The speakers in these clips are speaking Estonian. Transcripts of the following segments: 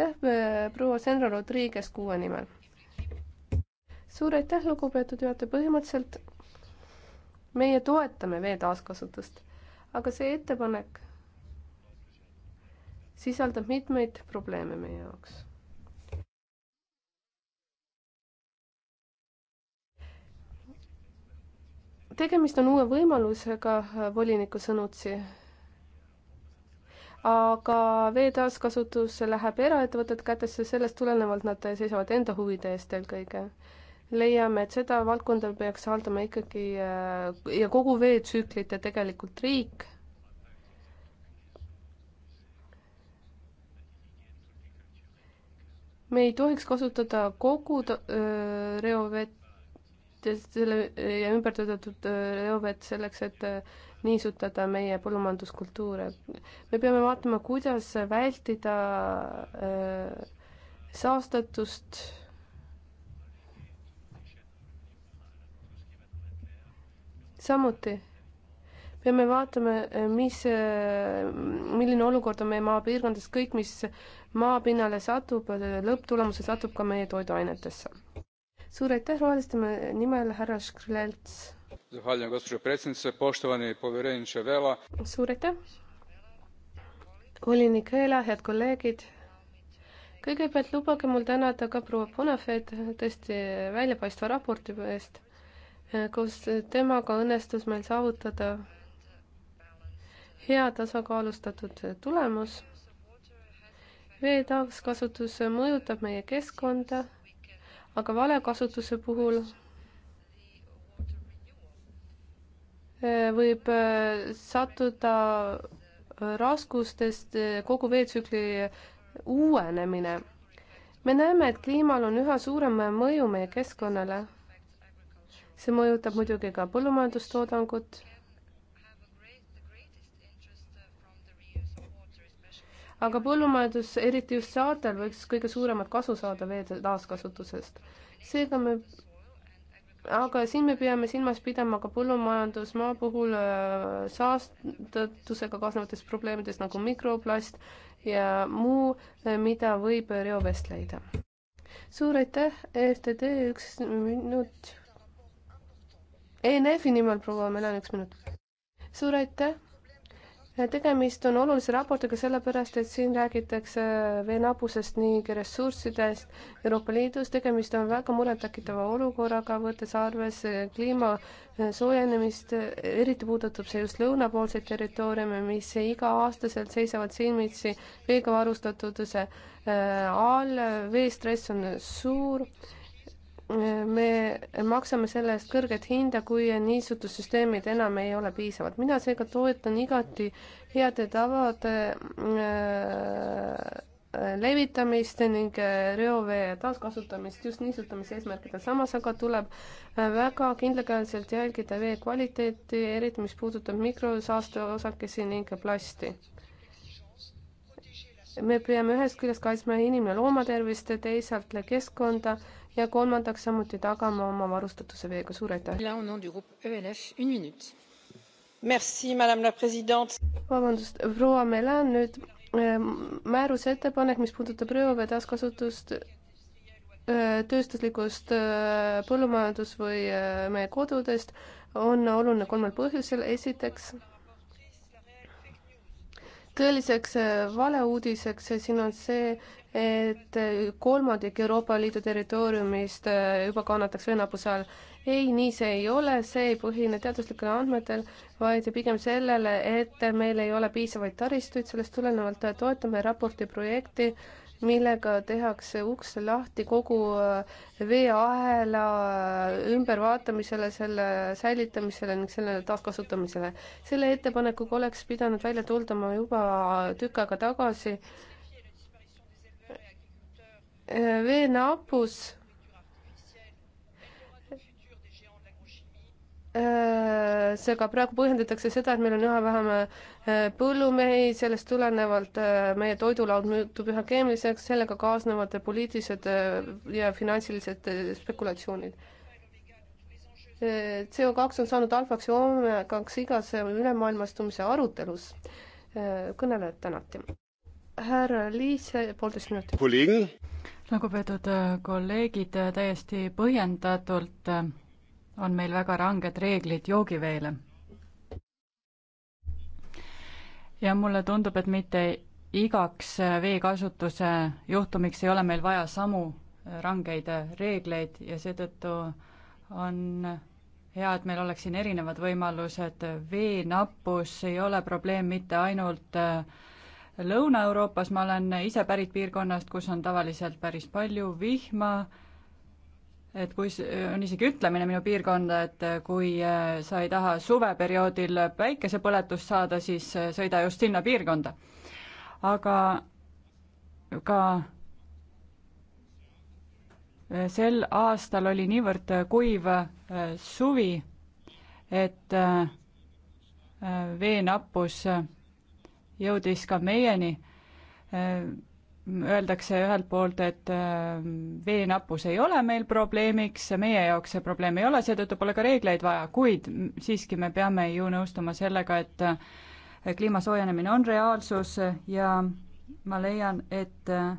aitäh, äh, proua Senra Rodriguez kuue nimel. suur aitäh, lugupeetud juhataja, põhimõtteliselt meie toetame vee taaskasutust, aga see ettepanek sisaldab mitmeid probleeme meie jaoks. tegemist on uue võimalusega voliniku sõnutsi aga vee taaskasutus läheb eraettevõtete kätesse, sellest tulenevalt nad seisavad enda huvide eest eelkõige. leiame, et seda valdkonda peaks haldama ikkagi äh, ja kogu veetsüklit ja tegelikult riik me ei tohiks kasutada kogu reovett ja selle ja ümbertöödatud reovett selleks, et niisutada meie põllumajanduskultuure. me peame vaatama, kuidas vältida äh, saastatust samuti peame vaatama, äh, mis, äh, milline olukord on meie maapiirkondades, kõik, mis maapinnale satub, lõpptulemusel satub ka meie toiduainetesse. suur aitäh roheliste nimel, härra Škrlelts gospođo predsjednice poštovani povjereniče vella suur aitäh volinik vella head kolleegid kõigepealt lubage mul tänada ka proua Bonafed tõesti väljapaistva raporti eest koos temaga õnnestus meil saavutada hea tasakaalustatud tulemus vee taaskasutus mõjutab meie keskkonda aga valekasutuse puhul võib äh, sattuda äh, raskustest äh, kogu veetsükli uuenemine. me näeme, et kliimal on üha suurem mõju meie keskkonnale. see mõjutab muidugi ka põllumajandustoodangut. aga põllumajandus, eriti just saartel, võiks kõige suuremat kasu saada vee taaskasutusest. seega me aga siin me peame silmas pidama ka põllumajandusmaa puhul äh, saastatusega kaasnevatest probleemidest nagu mikroplast ja muu, äh, mida võib reovest leida. suur aitäh, EFTD, üks minut. ENF-i nimel proua Melen, üks minut. suur aitäh tegemist on olulise raportiga sellepärast, et siin räägitakse veenabusest ning ressurssidest Euroopa Liidus, tegemist on väga murettekitava olukorraga, võttes arvesse kliima soojenemist, eriti puudutab see just lõunapoolseid territooriume, mis iga-aastaselt seisavad silmitsi veega varustatuduse äh, all, veestress on suur me maksame selle eest kõrget hinda, kui niisutussüsteemid enam ei ole piisavad. mina seega toetan igati heade tavade äh, levitamist ning äh, reovee taaskasutamist just niisutamise eesmärkidel. samas aga tuleb äh, väga kindlakäeliselt jälgida vee kvaliteeti, eriti mis puudutab mikrosaasteosakesi ning plasti. me peame ühest küljest kaitsma inimene loomatervist, teisalt keskkonda ja kolmandaks samuti tagama oma varustatuse veega. suur aitäh! E vabandust, proua Melan nüüd ähm, määruse ettepanek, mis puudutab reovee taaskasutust äh, tööstuslikust äh, põllumajandus- või äh, meie kodudest, on oluline kolmel põhjusel. esiteks tõeliseks äh, valeuudiseks äh, siin on see, et äh, kolmandik Euroopa Liidu territooriumist juba kannataks venapuuse all. ei, nii see ei ole, see ei põhine teaduslikel andmetel, vaid pigem sellele, et meil ei ole piisavaid taristuid, sellest tulenevalt toetame raporti projekti, millega tehakse uks lahti kogu äh, veeahela äh, ümbervaatamisele, selle säilitamisele ning selle taaskasutamisele. selle ettepanekuga oleks pidanud välja tuldama juba tükk aega tagasi. Äh, veenappus seega praegu põhjendatakse seda, et meil on üha vähem põllumehi, sellest tulenevalt äh, meie toidulaud muutub üha keemiliseks, sellega kaasnevad poliitilised äh, ja finantsilised äh, spekulatsioonid. CO2 on saanud alfaks ja omegaks igas ülemaailmastumise arutelus. kõnelejad tänati. härra Liis, poolteist minutit. lugupeetud kolleegid, täiesti põhjendatult on meil väga ranged reeglid joogiveele ja mulle tundub, et mitte igaks äh, veekasutuse juhtumiks ei ole meil vaja samu äh, rangeid äh, reegleid ja seetõttu on hea, et meil oleks siin erinevad võimalused, veenappus ei ole probleem mitte ainult Lõuna-Euroopas, ma olen ise pärit piirkonnast, kus on tavaliselt päris palju vihma, et kui, on isegi ütlemine minu piirkonda, et äh, kui äh, sa ei taha suveperioodil päikesepõletust saada, siis äh, sõida just sinna piirkonda. aga ka sel aastal oli niivõrd kuiv suvi, et veenappus jõudis ka meieni öeldakse ühelt poolt, et äh, veenappus ei ole meil probleemiks, meie jaoks see probleem ei ole, seetõttu pole ka reegleid vaja, kuid siiski me peame ju nõustuma sellega, et äh, kliima soojenemine on reaalsus ja ma leian, et äh,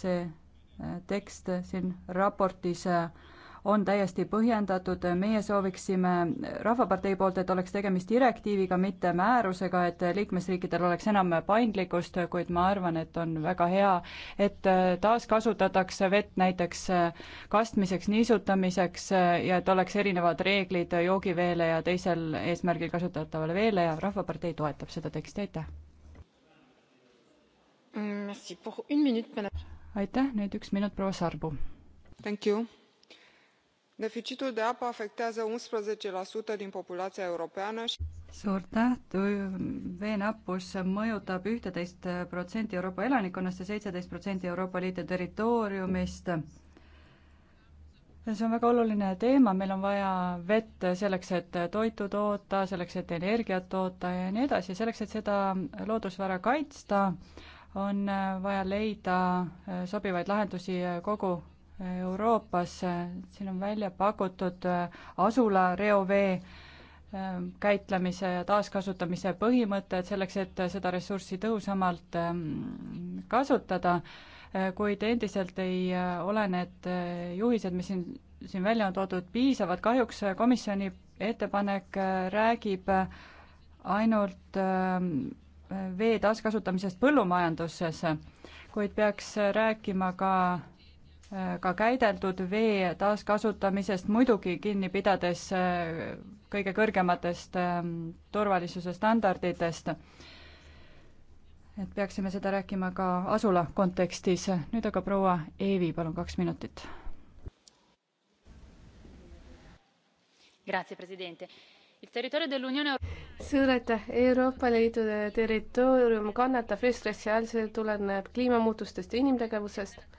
see tekst siin raportis äh, on täiesti põhjendatud, meie sooviksime Rahvapartei poolt, et oleks tegemist direktiiviga, mitte määrusega, et liikmesriikidel oleks enam paindlikkust, kuid ma arvan, et on väga hea, et taaskasutatakse vett näiteks kastmiseks, niisutamiseks ja et oleks erinevad reeglid joogiveele ja teisel eesmärgil kasutatavale veele ja Rahvapartei toetab seda teksti, aitäh! Mm, aitäh, nüüd üks minut proua Sarbu defitsitul de apă afectează unsprezece din populația europeană și suur tähtu, veenappus mõjutab ühteteist protsenti Euroopa elanikkonnast ja seitseteist protsenti Euroopa Liidu territooriumist. see on väga oluline teema, meil on vaja vett selleks, et toitu toota, selleks, et energiat toota ja nii edasi, selleks, et seda loodusvara kaitsta, on vaja leida sobivaid lahendusi kogu Euroopas, siin on välja pakutud äh, asula reovee ähm, käitlemise ja taaskasutamise põhimõtted selleks, et äh, seda ressurssi tõhusamalt ähm, kasutada, äh, kuid endiselt ei ole need juhised, mis siin, siin välja on toodud, piisavad. kahjuks komisjoni ettepanek räägib ainult ähm, vee taaskasutamisest põllumajanduses, kuid peaks rääkima ka ka käideldud vee taaskasutamisest, muidugi kinni pidades äh, kõige kõrgematest ähm, turvalisuse standarditest. et peaksime seda rääkima ka asula kontekstis. nüüd aga proua Eevi, palun kaks minutit. Grazie, president suur aitäh, Euroopa Liidu territoorium kannatab restressi all, see tuleneb kliimamuutustest ja inimtegevusest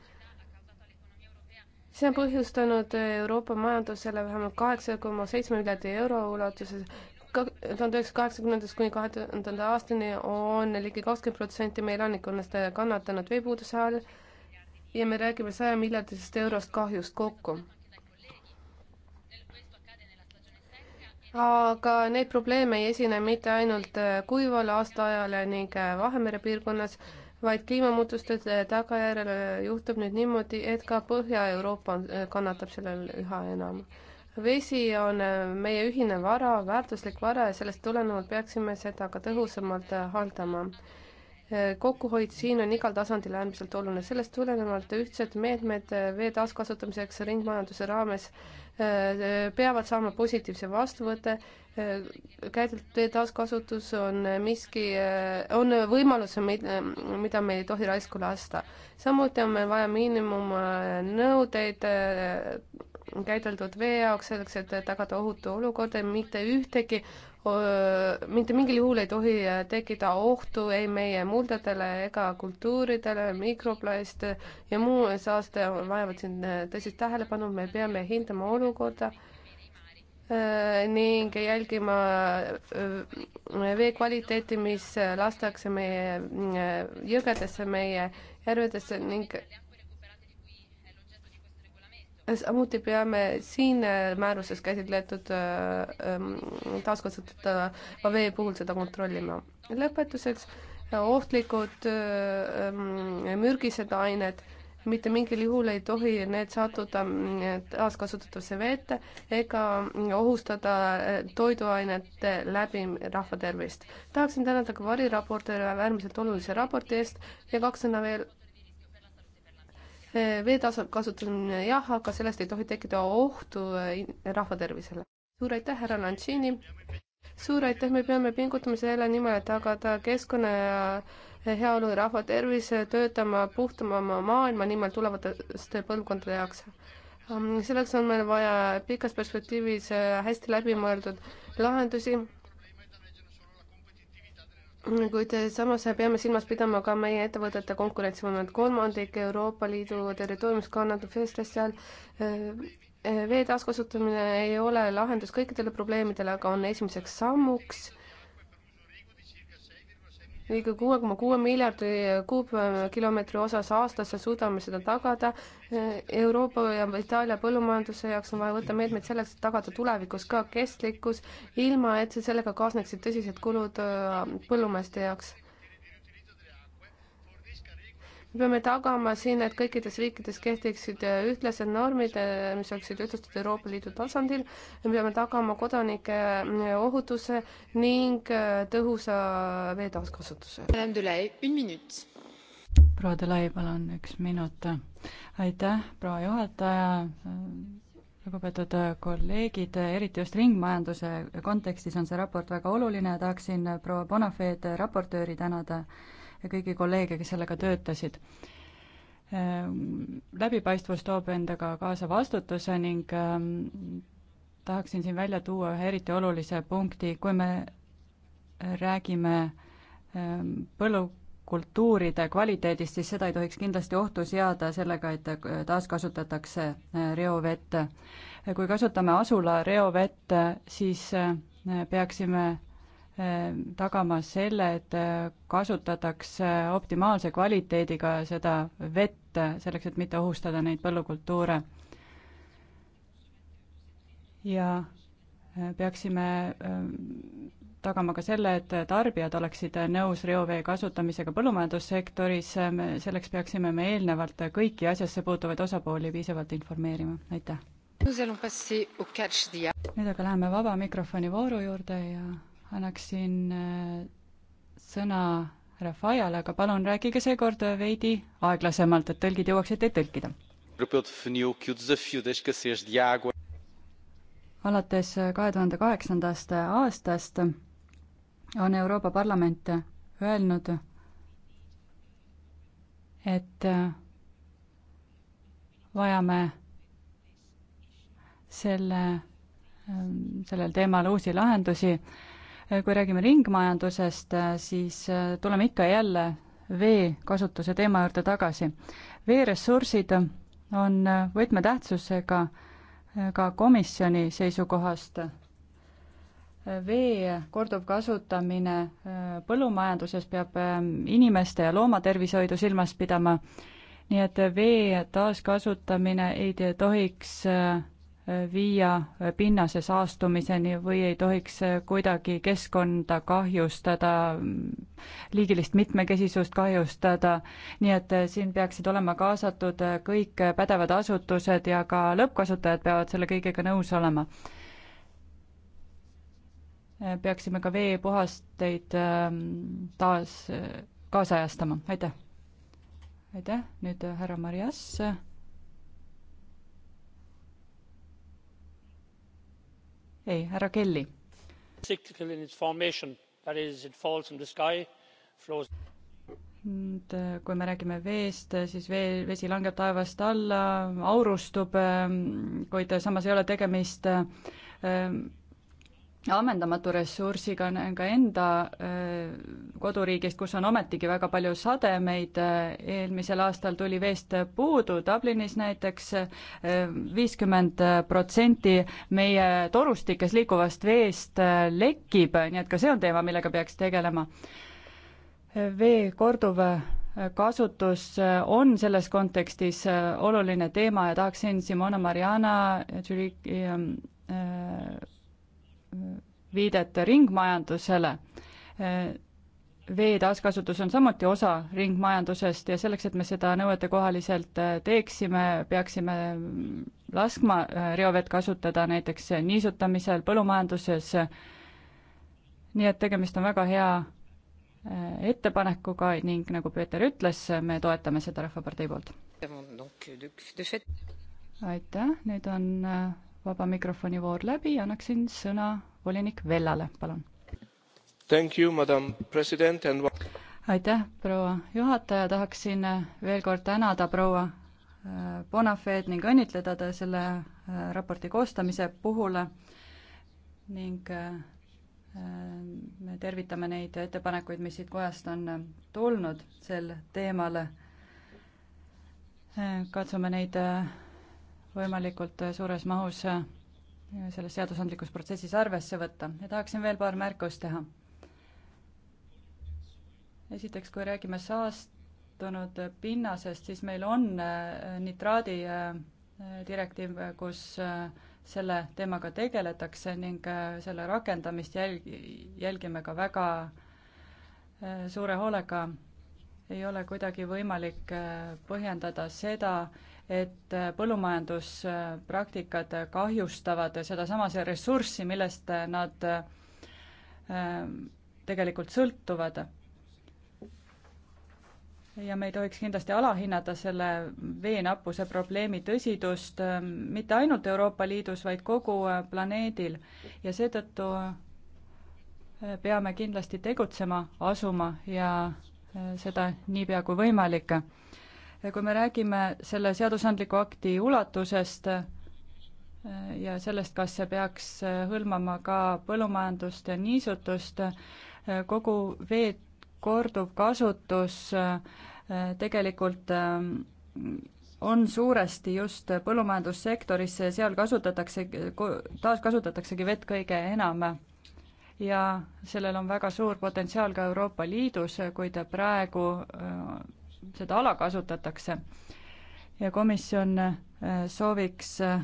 see on põhjustanud äh, Euroopa majandusele vähemalt kaheksa koma seitsme miljardi euro ulatuses tuhande üheksasaja kaheksakümnendast kuni kahe tuhande aastani on ligi kakskümmend protsenti meie elanikkonnast äh, kannatanud veepuuduse all ja me räägime saja miljardist eurost kahjust kokku. aga neid probleeme ei esine mitte ainult äh, kuival aastaajal ning Vahemere piirkonnas, vaid kliimamuutuste tagajärjel juhtub nüüd niimoodi, et ka Põhja-Euroopa äh, kannatab sellel üha enam. vesi on äh, meie ühine vara, väärtuslik vara ja sellest tulenevalt peaksime seda ka tõhusamalt äh, haldama. kokkuhoid siin on igal tasandil äärmiselt oluline, sellest tulenevalt ühtsed meetmed vee taaskasutamiseks ringmajanduse raames peavad saama positiivse vastuvõtte, käideldud taaskasutus on miski, on võimalus, mida me ei tohi raisku lasta. samuti on meil vaja miinimumnõudeid käideldud vee jaoks, selleks et tagada ohutu olukord, mitte ühtegi, mitte mingil juhul ei tohi tekkida ohtu ei meie muldadele ega kultuuridele, mikroplast ja muu saaste vajavad siin tõsist tähelepanu, me peame hindama olukorda ning jälgima vee kvaliteeti, mis lastakse meie jõgedesse, meie järvedesse ning samuti peame siin äh, määruses käsitletud äh, ähm, taaskasutatava äh, vee puhul seda kontrollima. lõpetuseks ohtlikud ähm, mürgised ained, mitte mingil juhul ei tohi need sattuda mm, taaskasutatavasse veete ega ohustada toiduainete läbi rahva tervist. tahaksin tänada ka variraportööre äärmiselt olulise raporti eest ja kaks sõna veel veetasa kasutamine jah, aga sellest ei tohi tekkida ohtu eh, rahva tervisele. suur aitäh, härra Lantšini. suur aitäh, me peame pingutama selle nimel, et tagada keskkonna ja eh, heaolu ja rahva tervis, eh, töötama puhtamama maailma nimel tulevaste põlvkondade jaoks. selleks on meil vaja pikas perspektiivis hästi läbimõeldud lahendusi kuid samas peame silmas pidama ka meie ettevõtete konkurentsivõimet. kolmandik Euroopa Liidu territooriumist kannatab sellest asjal. Eh, eh, vee taaskasutamine ei ole lahendus kõikidele probleemidele, aga on esimeseks sammuks ligi kuue koma kuue miljardi kuupkilomeetri osas aastas ja suudame seda tagada. Euroopa ja Itaalia põllumajanduse jaoks on vaja võtta meetmeid selleks, et tagada tulevikus ka kestlikkus, ilma et sellega kaasneksid tõsised kulud äh, põllumeeste jaoks me peame tagama siin, et kõikides riikides kehtiksid äh, ühtlased normid, äh, mis oleksid ühtlustatud Euroopa Liidu tasandil. me peame tagama kodanike äh, ohutuse ning tõhusa vee taaskasutuse. proua Delay, palun üks minut. aitäh, proua juhataja lugupeetud kolleegid, eriti just ringmajanduse kontekstis on see raport väga oluline ja tahaksin proua Bonafeed, raportööri tänada ta ja kõiki kolleege, kes sellega töötasid. Ehm, läbipaistvus toob endaga kaasa vastutuse ning ehm, tahaksin siin välja tuua ühe eriti olulise punkti, kui me räägime ehm, põllukultuuride kvaliteedist, siis seda ei tohiks kindlasti ohtu seada sellega, et eh, taaskasutatakse eh, reovett. kui kasutame asula reovett, siis eh, peaksime Ehm, tagama selle, et äh, kasutatakse optimaalse kvaliteediga seda vett, äh, selleks et mitte ohustada neid põllukultuure. ja äh, peaksime ehm, tagama ka selle, et tarbijad oleksid nõus reovee kasutamisega põllumajandussektoris, ehm, selleks peaksime me eelnevalt kõiki asjasse puutuvaid osapooli piisavalt informeerima, aitäh. nüüd aga läheme vaba mikrofoni vooru juurde ja annaksin äh, sõna härra Fajale, aga palun rääkige seekord äh, veidi aeglasemalt, et tõlgid jõuaksid teid tõlkida. alates äh, kahe tuhande kaheksandast aastast on Euroopa Parlament öelnud, et vajame selle, sellel teemal uusi lahendusi Eh, kui räägime ringmajandusest, eh, siis eh, tuleme ikka ja jälle vee kasutuse teema juurde tagasi. veeressursid on võtmetähtsusega ka komisjoni seisukohast. vee korduvkasutamine põllumajanduses peab inimeste ja loomatervishoidu silmas pidama, nii et vee taaskasutamine ei tohiks äh, viia pinnase saastumiseni või ei tohiks kuidagi keskkonda kahjustada, liigilist mitmekesisust kahjustada, nii et eh, siin peaksid olema kaasatud eh, kõik pädevad asutused ja ka lõppkasutajad peavad selle kõigega nõus olema. Eh, peaksime ka veepuhasteid ehm, taas kaasajastama, aitäh! aitäh, nüüd härra Marias ei, härra Kelly. nüüd, kui me räägime veest, siis vee, vesi langeb taevast alla, aurustub, kuid samas ei ole tegemist ammendamatu ressursiga on ka enda äh, koduriigist, kus on ometigi väga palju sademeid, äh, eelmisel aastal tuli veest puudu, Dublinis näiteks äh, viiskümmend protsenti meie torustikes liikuvast veest lekib, nii et ka see on teema, millega peaks tegelema. vee korduv kasutus on selles kontekstis oluline teema ja tahaksin Simona Mariana Tšüriki äh, viidet ringmajandusele. vee taaskasutus on samuti osa ringmajandusest ja selleks, et me seda nõuetekohaliselt äh, teeksime, peaksime laskma äh, reovett kasutada näiteks niisutamisel, põllumajanduses, nii et tegemist on väga hea äh, ettepanekuga ning nagu Peeter ütles, me toetame seda Rahvapartei poolt. aitäh, nüüd on vaba mikrofoni voor läbi, annaksin sõna volinik Vellale, palun. And... aitäh, proua juhataja, tahaksin veel kord tänada proua äh, Bonafed ning õnnitleda ta selle äh, raporti koostamise puhul ning äh, me tervitame neid ettepanekuid, mis siit kojast on tulnud sel teemal. katsume neid võimalikult äh, suures mahus äh, selles seadusandlikus protsessis arvesse võtta ja tahaksin veel paar märkust teha. esiteks, kui räägime saastunud pinnasest, siis meil on äh, nitraadi direktiiv, kus selle teemaga tegeletakse ning selle rakendamist jälg-, jälgime ka väga suure hoolega. ei ole kuidagi võimalik põhjendada seda, et äh, põllumajanduspraktikad äh, kahjustavad sedasama see ressurssi, millest äh, nad ähm, tegelikult sõltuvad. ja me ei tohiks kindlasti alahinnata selle veenappuse probleemi tõsidust mitte ainult Euroopa Liidus, vaid kogu planeedil ja seetõttu peame kindlasti tegutsema asuma ja seda niipea kui võimalik kui me räägime selle seadusandliku akti ulatusest eh, ja sellest, kas see peaks eh, hõlmama ka põllumajandust ja niisutust, eh, kogu vee korduvkasutus tegelikult on suuresti just põllumajandussektoris, seal kasutatakse, taaskasutataksegi vett kõige enam. ja sellel on väga suur potentsiaal ka Euroopa Liidus, kuid praegu seda ala kasutatakse. ja komisjon äh, sooviks äh,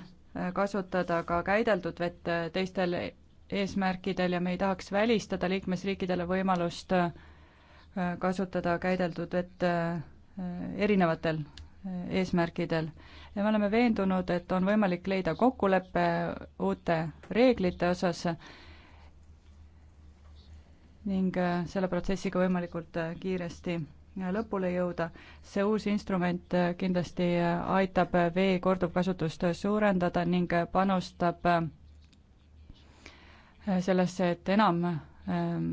kasutada ka käideldud vett äh, teistel e-, eesmärkidel ja me ei tahaks välistada liikmesriikidele võimalust kasutada käideldud vett erinevatel eesmärkidel. ja me oleme veendunud, et on võimalik leida kokkulepe uute reeglite osas ning selle protsessiga võimalikult kiiresti lõpule jõuda. see uus instrument äh, kindlasti äh, aitab äh, vee korduvkasutust suurendada ning panustab sellesse, et enam ähm,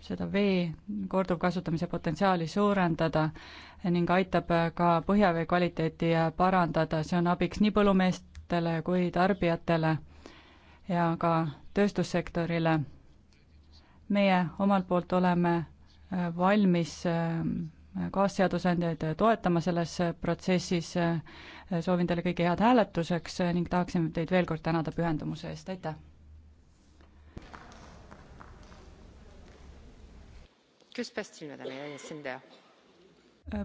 seda vee korduvkasutamise potentsiaali suurendada ning aitab ka põhjavee kvaliteeti parandada, see on abiks nii põllumeestele kui tarbijatele ja ka tööstussektorile. meie omalt poolt oleme valmis äh, kaasseadusandjaid toetama selles protsessis. Äh, soovin teile kõike head hääletuseks äh, ning tahaksin teid veel kord tänada pühendumuse eest, aitäh!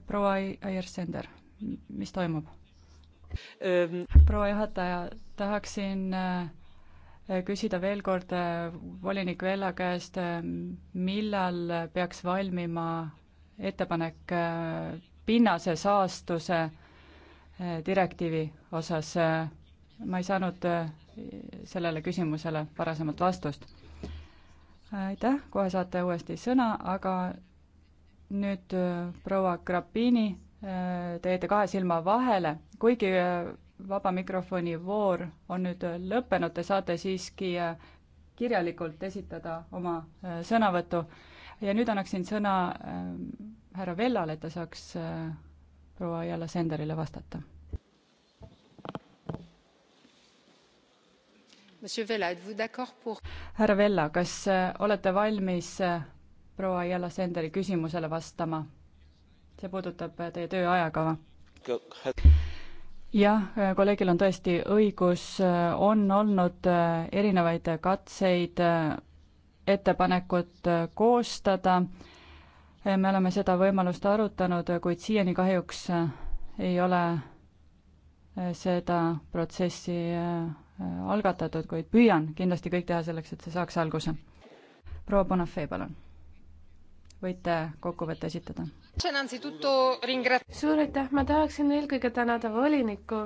proua Aiersender, mis toimub? Ähm. proua juhataja, tahaksin äh, Äh, küsida veel kord äh, volinik Vella käest, äh, millal peaks valmima ettepanek pinnase saastuse direktiivi osas. ma ei saanud sellele küsimusele varasemalt vastust. aitäh, kohe saate uuesti sõna, aga nüüd proua Grappini, te jäite kahe silma vahele, kuigi vaba mikrofoni voor on nüüd lõppenud, te saate siiski äh, kirjalikult esitada oma äh, sõnavõtu. ja nüüd annaksin sõna äh, härra Vellale, et ta saaks proua Jalla Senderile vastata. härra Vella, kas olete valmis proua Jalla Senderi küsimusele vastama? see puudutab teie töö ajakava jah, kolleegil on tõesti õigus, on olnud äh, erinevaid katseid äh, ettepanekut äh, koostada, me oleme seda võimalust arutanud, kuid siiani kahjuks ei ole seda protsessi algatatud, kuid püüan kindlasti kõik teha selleks, et see saaks alguse. proua Bonafé, palun võite kokkuvõtte esitada. suur aitäh, ma tahaksin eelkõige tänada volinikku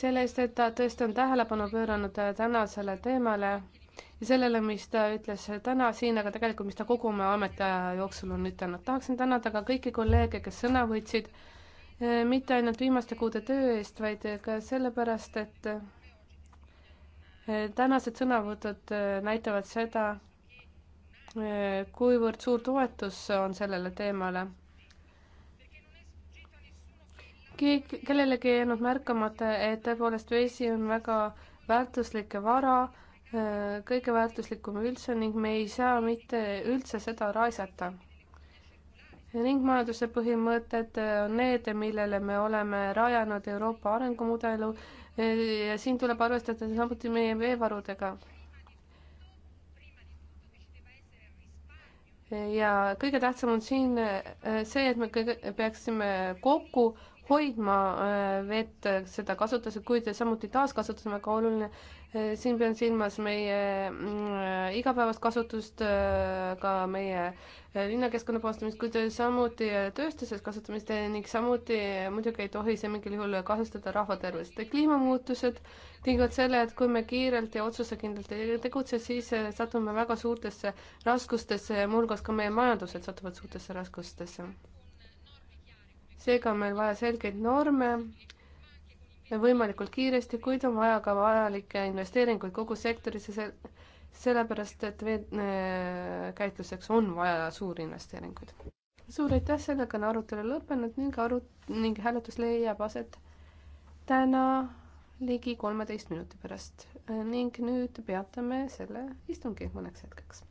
selle eest, et ta tõesti on tähelepanu pööranud tänasele teemale ja sellele, mis ta ütles täna siin, aga tegelikult, mis ta kogu oma ametiaja jooksul on ütelnud. tahaksin tänada ka kõiki kolleege, kes sõna võtsid, eh, mitte ainult viimaste kuude töö eest, vaid ka sellepärast, et eh, tänased sõnavõtud eh, näitavad seda, kuivõrd suur toetus on sellele teemale. keegi, kellelegi ei jäänud märkamata, et tõepoolest vesi on väga väärtuslik vara, kõige väärtuslikum üldse ning me ei saa mitte üldse seda raisata. ringmajanduse põhimõtted on need, millele me oleme rajanud Euroopa arengumudelu ja siin tuleb arvestada samuti meie veevarudega ja kõige tähtsam on siin äh, see, et me kõige, peaksime kokku hoidma äh, vett, äh, seda kasutades, kuid samuti taaskasutus on väga oluline siin pean silmas meie mm, igapäevast kasutust, äh, ka meie äh, linnakeskkonna puhastamist, kuid samuti äh, tööstuses kasutamist eh, ning samuti muidugi ei tohi see mingil juhul kahjustada rahva tervist. kliimamuutused tingivad selle, et kui me kiirelt ja otsusekindlalt ei tegutse, siis satume väga suurtesse raskustesse ja muuhulgas ka meie majandused satuvad suurtesse raskustesse. seega on meil vaja selgeid norme võimalikult kiiresti, kuid on vaja ka vajalikke investeeringuid kogu sektorisse, sellepärast et vee käitluseks on vaja suuri investeeringuid. suur aitäh, sellega on arutelu lõppenud ning arut- ning hääletus leiab aset täna ligi kolmeteist minuti pärast ning nüüd peatame selle istungi mõneks hetkeks.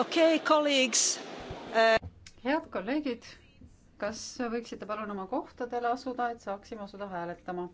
okay, äh... head kolleegid, kas võiksite palun oma kohtadele asuda, et saaksime asuda hääletama?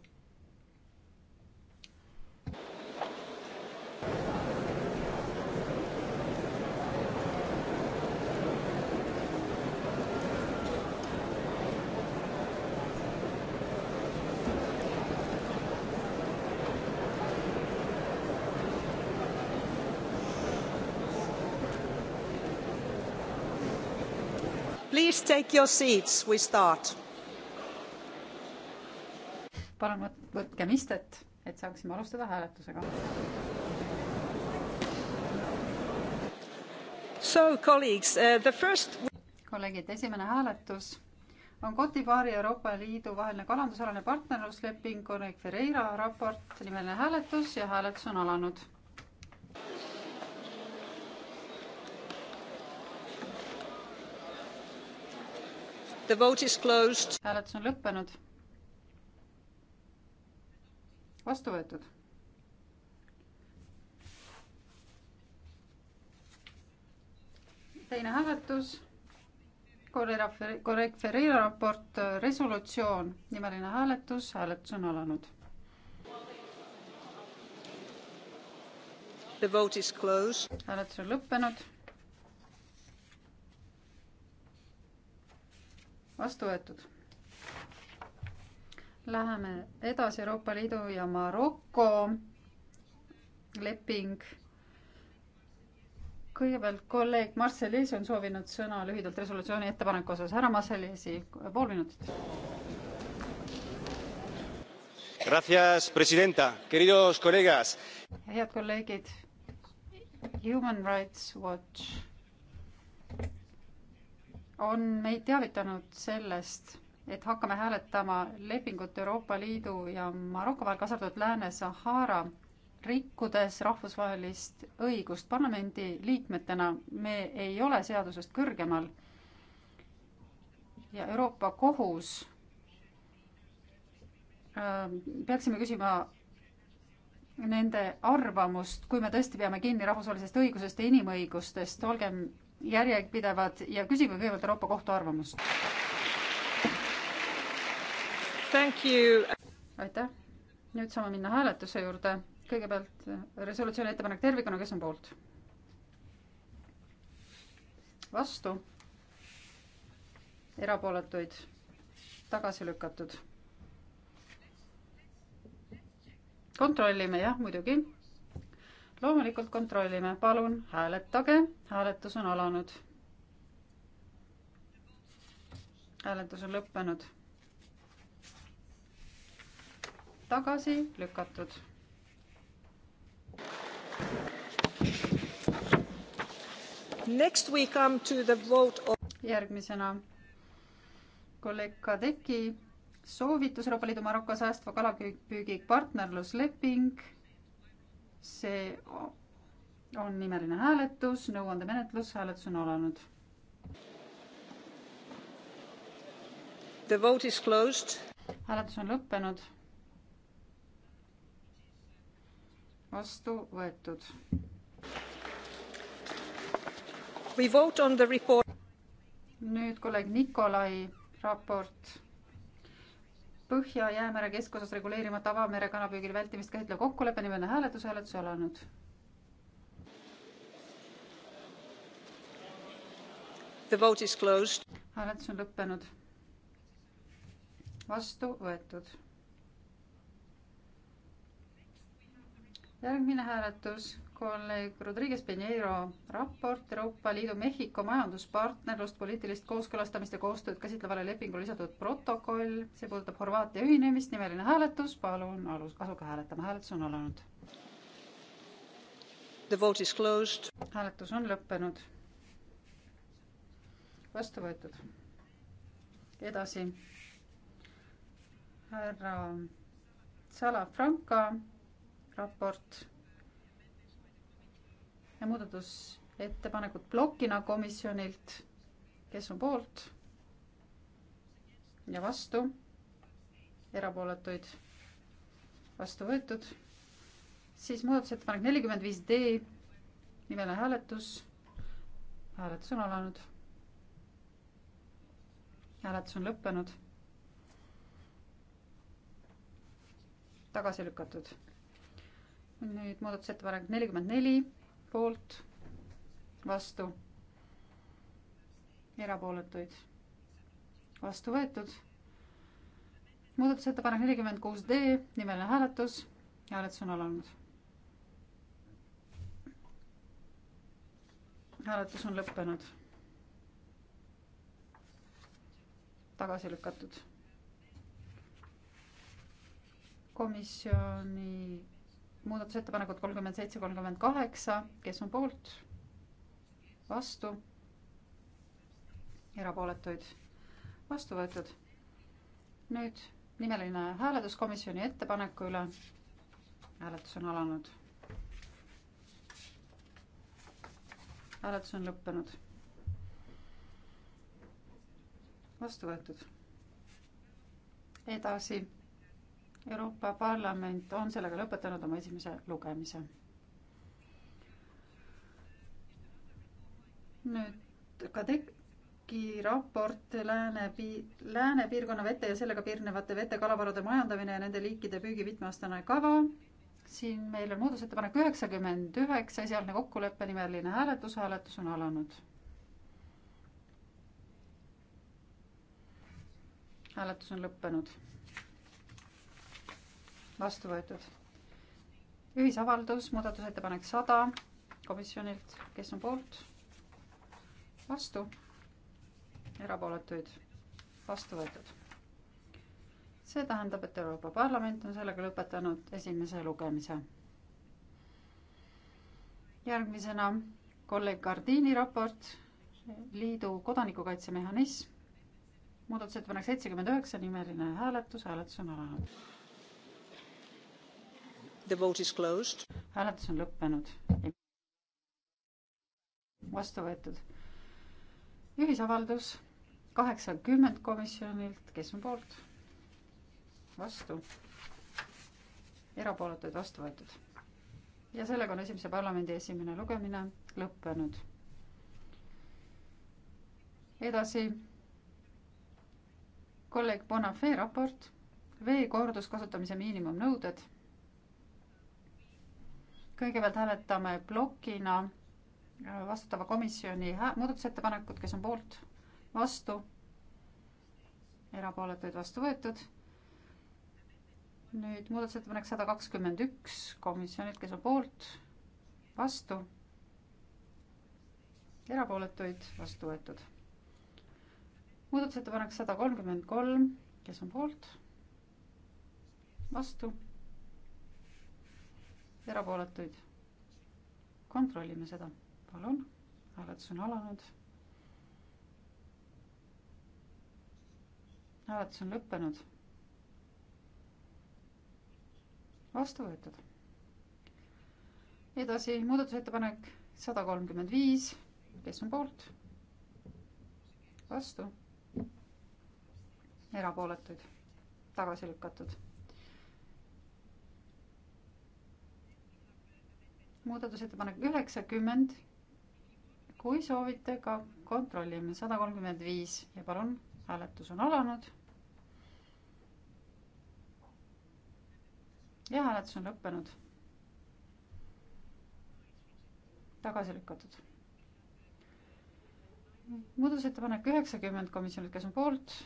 Please take your seats, we start. palun võtkem istet, et saaksime alustada hääletusega. So colleagues uh,, the first. kolleegid, esimene hääletus on Kotipaari Euroopa Liidu vaheline kalandusalane partnerlusleping, kolleeg Ferreira raport, nimeline hääletus ja hääletus on alanud. hääletus on lõppenud. vastu võetud. teine hääletus kolleeg Ferreira raport, äh, resolutsioon, nimeline hääletus, hääletus on alanud. hääletus on lõppenud vastu võetud. Läheme edasi Euroopa Liidu ja Maroko leping. kõigepealt kolleeg Marcelis on soovinud sõna lühidalt resolutsiooni ettepaneku osas. härra Marcelisi, pool minutit. Gracias, presidenta. Queridos colegas. head kolleegid. Human Rights Watch on meid teavitanud sellest, et hakkame hääletama lepingut Euroopa Liidu ja Maroko vahel, kaasa arvatud Lääne-Sahara, rikkudes rahvusvahelist õigust. parlamendi liikmetena me ei ole seadusest kõrgemal. ja Euroopa Kohus ähm, peaksime küsima nende arvamust, kui me tõesti peame kinni rahvusvahelisest õigusest ja inimõigustest, olgem järjepidevad ja küsime kõigepealt Euroopa Kohtu arvamust. aitäh, nüüd saame minna hääletuse juurde, kõigepealt resolutsiooni ettepanek tervikuna, kes on poolt? vastu, erapooletuid tagasi lükatud. kontrollime jah, muidugi loomulikult kontrollime, palun hääletage, hääletus on alanud. hääletus on lõppenud. tagasi lükatud. Next we come to the vote of järgmisena kolleeg Kadeki soovitus Euroopa Liidu Maroko säästva kalapüügi partnerlusleping see on nimeline hääletus, nõuandemenetlus, hääletus on alanud. The vote is closed. hääletus on lõppenud. vastu võetud. We vote on the report. nüüd kolleeg Nikolai raport Põhja-Jäämere keskosas reguleerimata avamere kalapüügil vältimist käsitlev kokkulepe, nimeline hääletus, hääletus alanud. The vote is closed. hääletus on lõppenud. vastu võetud. järgmine hääletus kolleeg Rodriguez Pinheiro raport Euroopa Liidu Mehhiko majanduspartnerlust, poliitilist kooskõlastamist ja koostööd käsitlevale lepingule lisatud protokoll, see puudutab Horvaatia ühinemist, nimeline hääletus, palun alus, asuge hääletama, hääletus on alanud. hääletus on lõppenud. vastu võetud. edasi. härra Salafranca raport ja muudatusettepanekud plokina komisjonilt, kes on poolt ja vastu, erapooletuid vastu võetud, siis muudatusettepanek nelikümmend viis D, nimeline hääletus, hääletus on alanud. hääletus on lõppenud. tagasi lükatud. nüüd muudatusettepanek nelikümmend neli poolt, vastu, erapooletuid, vastu võetud. muudatusettepanek nelikümmend kuus D, nimeline hääletus, hääletus on alanud. hääletus on lõppenud. tagasi lükatud. komisjoni muudatusettepanekud kolmkümmend seitse, kolmkümmend kaheksa, kes on poolt, vastu, erapooletuid, vastu võetud. nüüd nimeline hääletus komisjoni ettepaneku üle. hääletus on alanud. hääletus on lõppenud. vastu võetud. edasi Euroopa Parlament on sellega lõpetanud oma esimese lugemise. nüüd Kadeki raport Lääne pi-, Lääne piirkonna vete ja sellega piirnevate vetekalavarade majandamine ja nende liikide püügi mitmeaastane kava. siin meil on muudatusettepanek üheksakümmend üheksa, esialgne kokkulepe, nimeline hääletus, hääletus on alanud. hääletus on lõppenud vastu võetud. ühisavaldus, muudatusettepanek sada komisjonilt, kes on poolt? vastu, erapooletuid, vastu võetud. see tähendab, et Euroopa Parlament on sellega lõpetanud esimese lugemise. järgmisena kolleeg Gardiini raport, liidu kodanikukaitsemehhanism, muudatusettepanek seitsekümmend üheksa, nimeline hääletus, hääletus on alanud hääletus on lõppenud. vastu võetud. ühisavaldus kaheksakümmend komisjonilt, kes on poolt? vastu. erapooletuid vastu võetud. ja sellega on esimese parlamendi esimene lugemine lõppenud. edasi kolleeg Bonafé raport, vee korduskasutamise miinimumnõuded kõigepealt hääletame plokina vastutava komisjoni muudatusettepanekut, kes on poolt, vastu, erapooletuid vastu võetud. nüüd muudatusettepanek sada kakskümmend üks komisjonilt, kes on poolt, vastu, erapooletuid vastu võetud. muudatusettepanek sada kolmkümmend kolm, kes on poolt, vastu erapooletuid. kontrollime seda, palun. hääletus on alanud. hääletus on lõppenud. vastu võetud. edasi muudatusettepanek sada kolmkümmend viis, kes on poolt? vastu erapooletuid, tagasi lükatud muudatusettepanek üheksakümmend. kui soovite, ka kontrollime sada kolmkümmend viis ja palun, hääletus on alanud. ja hääletus on lõppenud. tagasi lükatud. muudatusettepanek üheksakümmend komisjonilt, kes on poolt?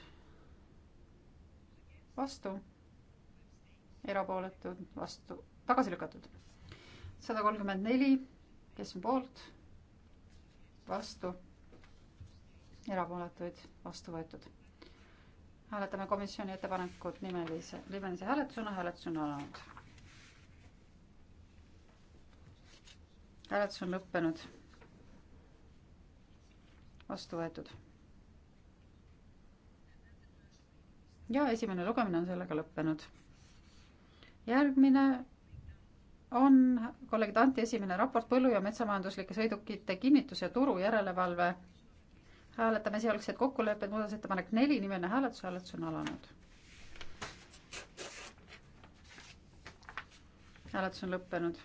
vastu? erapooletud, vastu, tagasi lükatud sada kolmkümmend neli, kes on poolt, vastu, erapooletuid, vastu võetud. hääletame komisjoni ettepanekut nimelise, nimelise hääletusena, hääletus on alanud. hääletus on lõppenud. vastu võetud. ja esimene lugemine on sellega lõppenud. järgmine on kolleeg Tanti esimene raport põllu- ja metsamajanduslike sõidukite kinnitus- ja turu järelevalve. hääletame esialgset kokkulepet, muudatusettepanek neli, nimeline hääletus, hääletus on alanud. hääletus on lõppenud.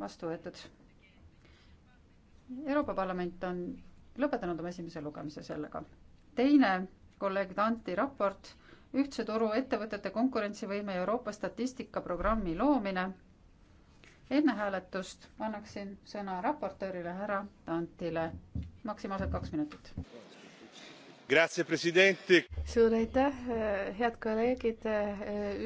vastu võetud. Euroopa Parlament on lõpetanud oma esimese lugemise sellega. teine kolleeg Tanti raport ühtse turu ettevõtete konkurentsivõime Euroopa statistikaprogrammi loomine. enne hääletust annaksin sõna raportöörile härra Tantile, maksimaalselt kaks minutit. suur aitäh, head kolleegid,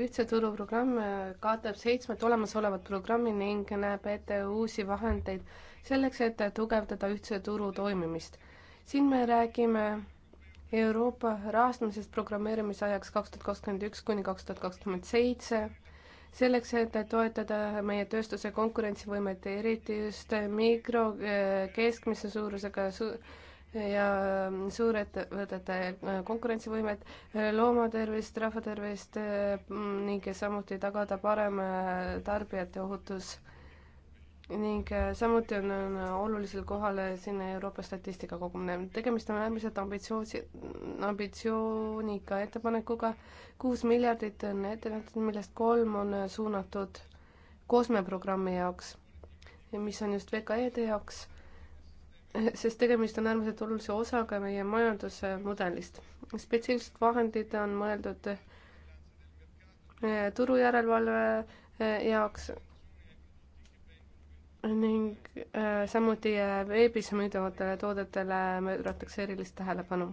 ühtse turu programm kaotab seitsmet olemasolevat programmi ning näeb ette uusi vahendeid selleks, et tugevdada ühtse turu toimimist. siin me räägime Euroopa rahastamisest programmeerimisajaks kaks tuhat kakskümmend üks kuni kaks tuhat kakskümmend seitse, selleks, et toetada meie tööstuse konkurentsivõimet, eriti just mikro, keskmise suurusega su-, ja suurettevõtete konkurentsivõimet, loomatervist, rahvatervist mm, ning samuti tagada parem äh, tarbijate ohutus ning äh, samuti on, on äh, olulisel kohal äh, siin Euroopa statistika kogumine. tegemist on äärmiselt ambitsiooni, ambitsioonika ettepanekuga. kuus miljardit on ette nähtud, millest kolm on suunatud COSME programmi jaoks, mis on just VKE-de jaoks, sest tegemist on äärmiselt olulise osaga meie majandusmudelist. spetsiifilised vahendid on mõeldud turujärelevalve jaoks ning äh, samuti äh, veebis müüdavatele toodetele möödatakse erilist tähelepanu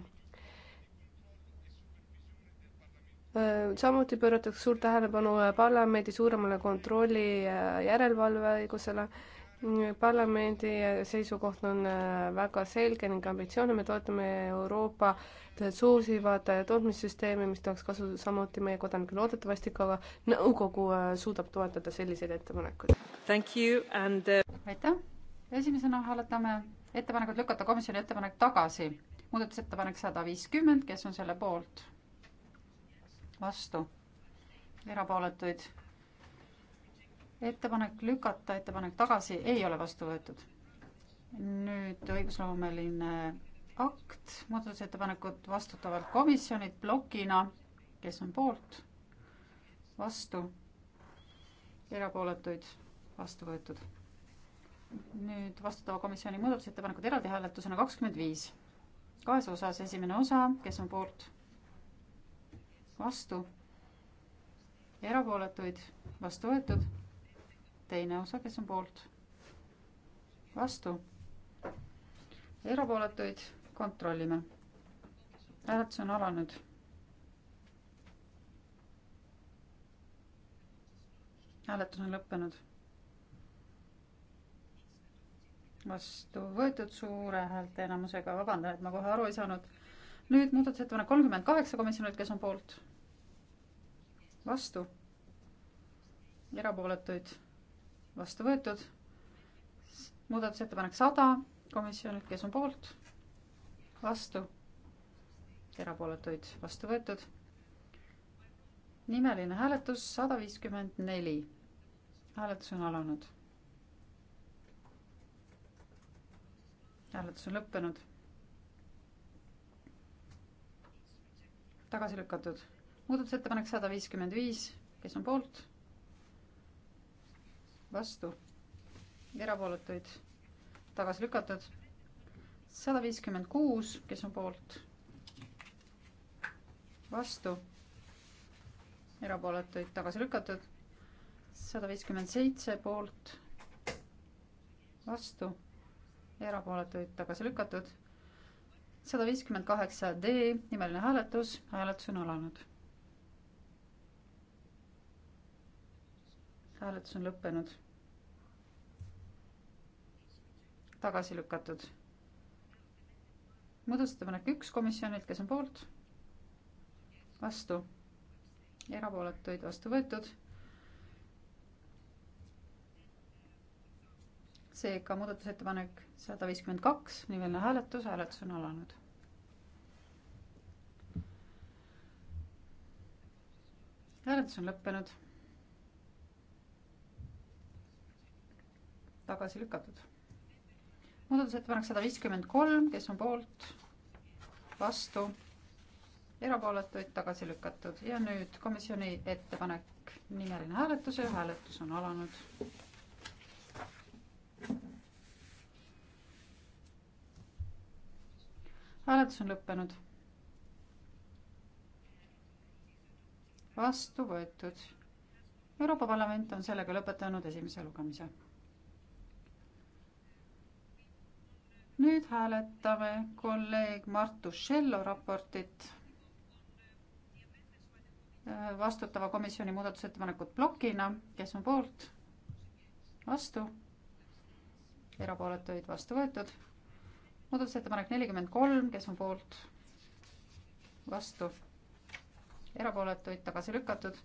äh,. samuti pööratakse suurt tähelepanu äh, parlamendi suuremale kontrolli ja äh, järelevalveõigusele äh, parlamendi seisukoht on äh, väga selge ning ambitsioon, me toetame Euroopa äh, suursivad äh, tootmissüsteemi, mis tooks kasu samuti meie kodanikele, loodetavasti ka nõukogu suudab toetada selliseid ettepanekuid. And... aitäh, esimesena hääletame ettepanekut lükata komisjoni ettepanek tagasi, muudatusettepanek sada viiskümmend, kes on selle poolt? vastu? erapooletuid? ettepanek lükata ettepanek tagasi ei ole vastu võetud. nüüd õigusloomeline akt, muudatusettepanekud vastutavalt komisjonilt plokina, kes on poolt, vastu, erapooletuid, vastu võetud. nüüd vastutava komisjoni muudatusettepanekud eraldi hääletusena kakskümmend viis. kahes osas esimene osa, kes on poolt, vastu, erapooletuid, vastu võetud teine osa, kes on poolt, vastu, erapooletuid kontrollime. hääletus on alanud. hääletus on lõppenud. vastu võetud suure häälteenamusega, vabandan, et ma kohe aru ei saanud. nüüd muudatusettepanek kolmkümmend kaheksa komisjonilt, kes on poolt, vastu, erapooletuid vastu võetud. muudatusettepanek sada komisjonilt, kes on poolt, vastu, erapooletuid vastu võetud. nimeline hääletus sada viiskümmend neli. hääletus on alanud. hääletus on lõppenud. tagasi lükatud muudatusettepanek sada viiskümmend viis, kes on poolt vastu, erapooletuid tagasi lükatud. sada viiskümmend kuus, kes on poolt, vastu, erapooletuid tagasi lükatud. sada viiskümmend seitse poolt, vastu, erapooletuid tagasi lükatud. sada viiskümmend kaheksa D nimeline hääletus, hääletus on alanud hääletus on lõppenud. tagasi lükatud. muudatusettepanek üks komisjonilt, kes on poolt? vastu. erapooletuid vastu võetud. seega muudatusettepanek sada viiskümmend kaks, nimeline hääletus, hääletus on alanud hääletus on lõppenud tagasi lükatud. muudatusettepanek sada viiskümmend kolm, kes on poolt, vastu, erapooletuid tagasi lükatud ja nüüd komisjoni ettepanek nimeline hääletus ja hääletus on alanud. hääletus on lõppenud. vastu võetud. Euroopa Parlament on sellega lõpetanud esimese lugemise nüüd hääletame kolleeg Martu Šello raportit äh, vastutava komisjoni muudatusettepanekud plokina, kes on poolt, vastu, erapooletuid vastu võetud. muudatusettepanek nelikümmend kolm, kes on poolt, vastu, erapooletuid tagasi lükatud.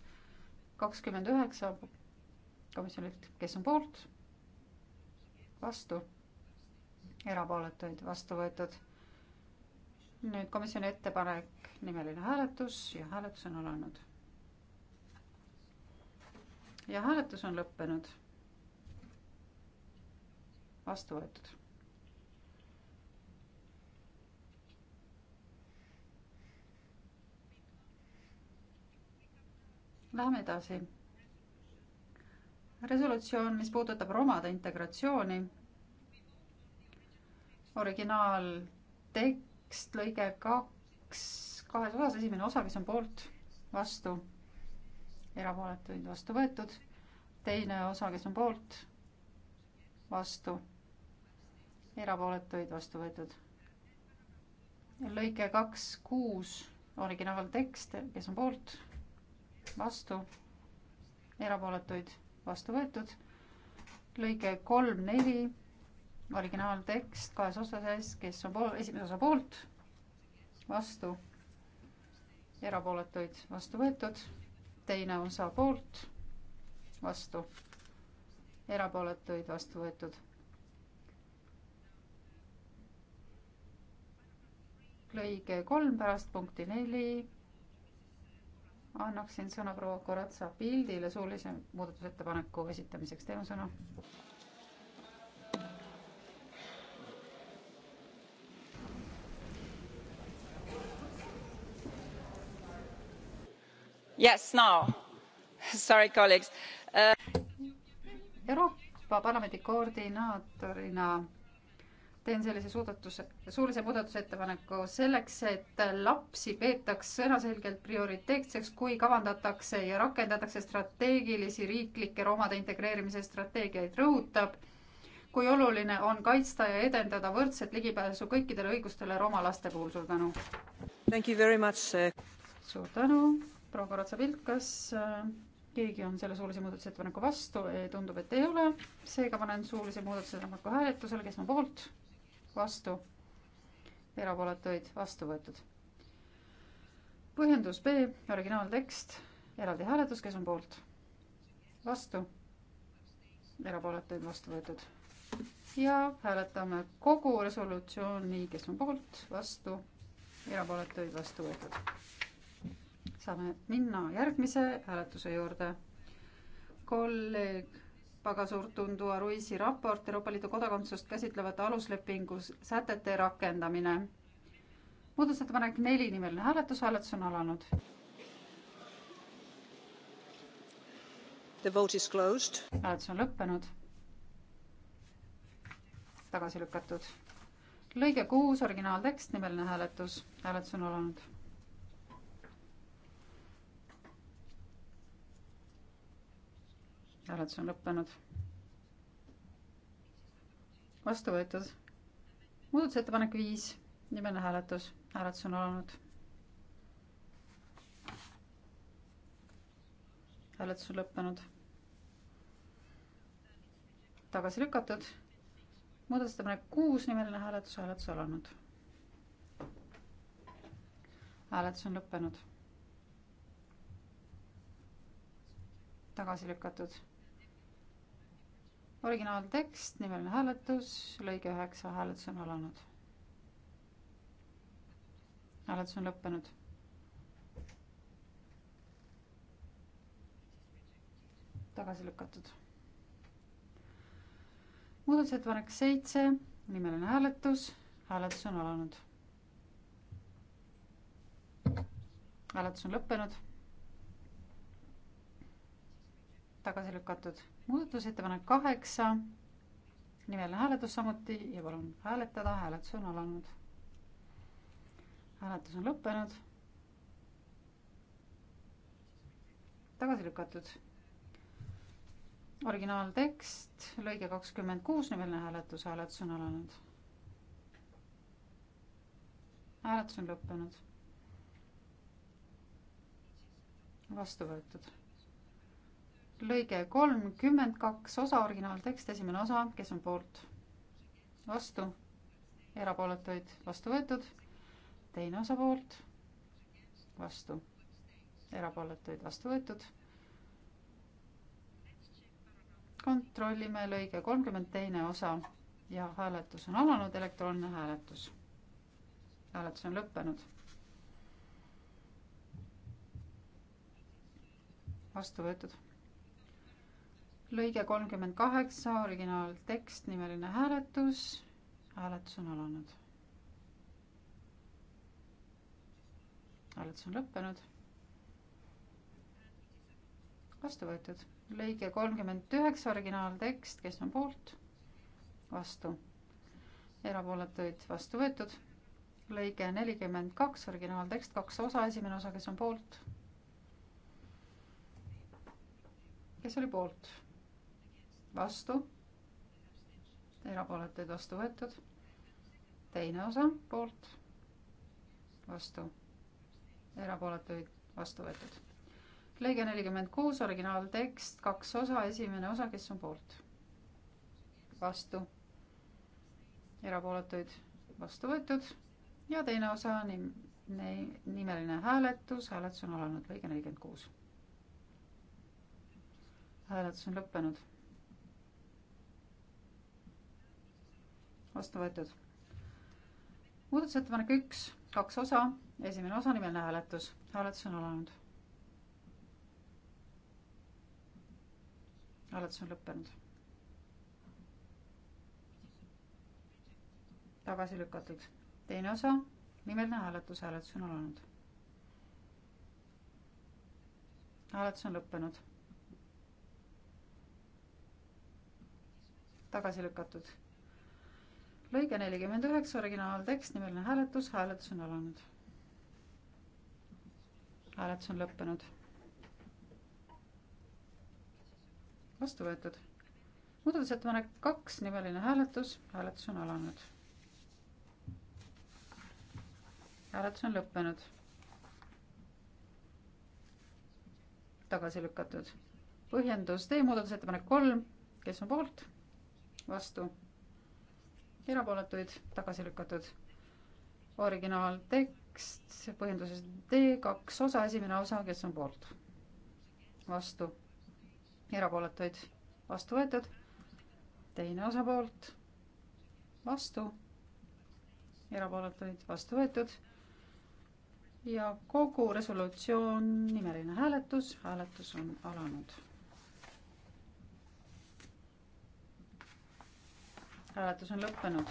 kakskümmend üheksa komisjonilt, kes on poolt, vastu erapooletuid vastu võetud. nüüd komisjoni ettepanek, nimeline hääletus ja hääletus on alanud. ja hääletus on lõppenud. vastu võetud. Läheme edasi. resolutsioon, mis puudutab romade integratsiooni originaaltekst, lõige kaks, kahes osas, esimene osa, kes on poolt, vastu, erapooletuid vastu võetud, teine osa, kes on poolt, vastu, erapooletuid vastu võetud. lõige kaks, kuus, originaaltekst, kes on poolt, vastu, erapooletuid vastu võetud, lõige kolm, neli originaaltekst kahes osas, kes on pool, esimese osa poolt, vastu, erapooletuid vastu võetud, teine osa poolt, vastu, erapooletuid vastu võetud. lõige kolm pärast punkti neli annaksin sõna proua Koratsa pildile suulise muudatusettepaneku esitamiseks. Teil on sõna. Yes, Sorry, uh, Euroopa Parlamendi koordinaatorina teen sellise suudatuse, suulise muudatusettepaneku selleks, et lapsi peetaks sõnaselgelt prioriteetseks, kui kavandatakse ja rakendatakse strateegilisi riiklikke roomade integreerimise strateegiaid, rõhutab, kui oluline on kaitsta ja edendada võrdset ligipääsu kõikidele õigustele rooma laste puhul. suur tänu. suur tänu proua Karatsa-Pilt, kas äh, keegi on selle suulise muudatusettepaneku vastu? tundub, et ei ole. seega panen suulise muudatusettepaneku hääletusele, kes on poolt, vastu, erapooletuid, vastu võetud. põhjendus B, originaaltekst, eraldi hääletus, kes on poolt, vastu, erapooletuid, vastu võetud. ja hääletame kogu resolutsiooni, kes on poolt, vastu, erapooletuid, vastu võetud saame minna järgmise hääletuse juurde. kolleeg Pagasurtundu Aruisi raport Euroopa Liidu kodakondsust käsitlevate aluslepingus sätete rakendamine. muudatusettepanek neli nimeline hääletus, hääletus on alanud. hääletus on lõppenud. tagasi lükatud. lõige kuus, originaaltekst, nimeline hääletus, hääletus on alanud hääletus on lõppenud. vastu võetud. muudatusettepanek viis, nimeline hääletus, hääletus on alanud. hääletus on lõppenud. tagasi lükatud. muudatusettepanek kuus, nimeline hääletus, hääletus alanud. hääletus on lõppenud tagasi lükatud originaaltekst, nimeline hääletus, lõige üheksa, hääletus on alanud. hääletus on lõppenud. tagasi lükatud. muudatusettepanek seitse, nimeline hääletus, hääletus on alanud. hääletus on lõppenud. tagasi lükatud muudatusettepanek kaheksa, nimeline hääletus samuti ja palun hääletada, hääletus on alanud. hääletus on lõppenud. tagasi lükatud. originaaltekst, lõige kakskümmend kuus, nimeline hääletus, hääletus on alanud. hääletus on lõppenud. vastu võetud lõige kolmkümmend kaks osa, originaaltekst, esimene osa, kes on poolt? vastu, erapooletuid vastu võetud, teine osa poolt, vastu, erapooletuid vastu võetud. kontrollime lõige kolmkümmend teine osa ja hääletus on alanud, elektrooniline hääletus. hääletus on lõppenud. vastu võetud lõige kolmkümmend kaheksa, originaaltekst, nimeline hääletus. hääletus on alanud. hääletus on lõppenud. vastu võetud. lõige kolmkümmend üheksa, originaaltekst, kes on poolt? vastu. erapooletuid vastu võetud. lõige nelikümmend kaks, originaaltekst, kaks osa, esimene osa, kes on poolt? kes oli poolt? vastu, erapooletuid vastu võetud. teine osa poolt, vastu, erapooletuid vastu võetud. lõige nelikümmend kuus, originaaltekst, kaks osa, esimene osa, kes on poolt, vastu, erapooletuid vastu võetud ja teine osa nim-, nimeline hääletus, hääletus on alanud, lõige nelikümmend kuus. hääletus on lõppenud vastu võetud. muudatusettepanek üks, kaks osa, esimene osa, nimeline hääletus, hääletus on alanud. hääletus on lõppenud. tagasi lükatud. teine osa, nimeline hääletus, hääletus on alanud hääletus on lõppenud. tagasi lükatud lõige nelikümmend üheksa, originaaltekst, nimeline hääletus, hääletus on alanud. hääletus on lõppenud. vastu võetud. muudatusettepanek kaks, nimeline hääletus, hääletus on alanud. hääletus on lõppenud. tagasi lükatud. põhjendus, teie muudatusettepanek kolm, kes on poolt? vastu erapooletuid, tagasi lükatud. originaaltekst põhjenduses D kaks osa, esimene osa, kes on poolt? vastu, erapooletuid, vastu võetud. teine osa poolt, vastu, erapooletuid, vastu võetud. ja kogu resolutsioon, nimeline hääletus, hääletus on alanud hääletus on lõppenud.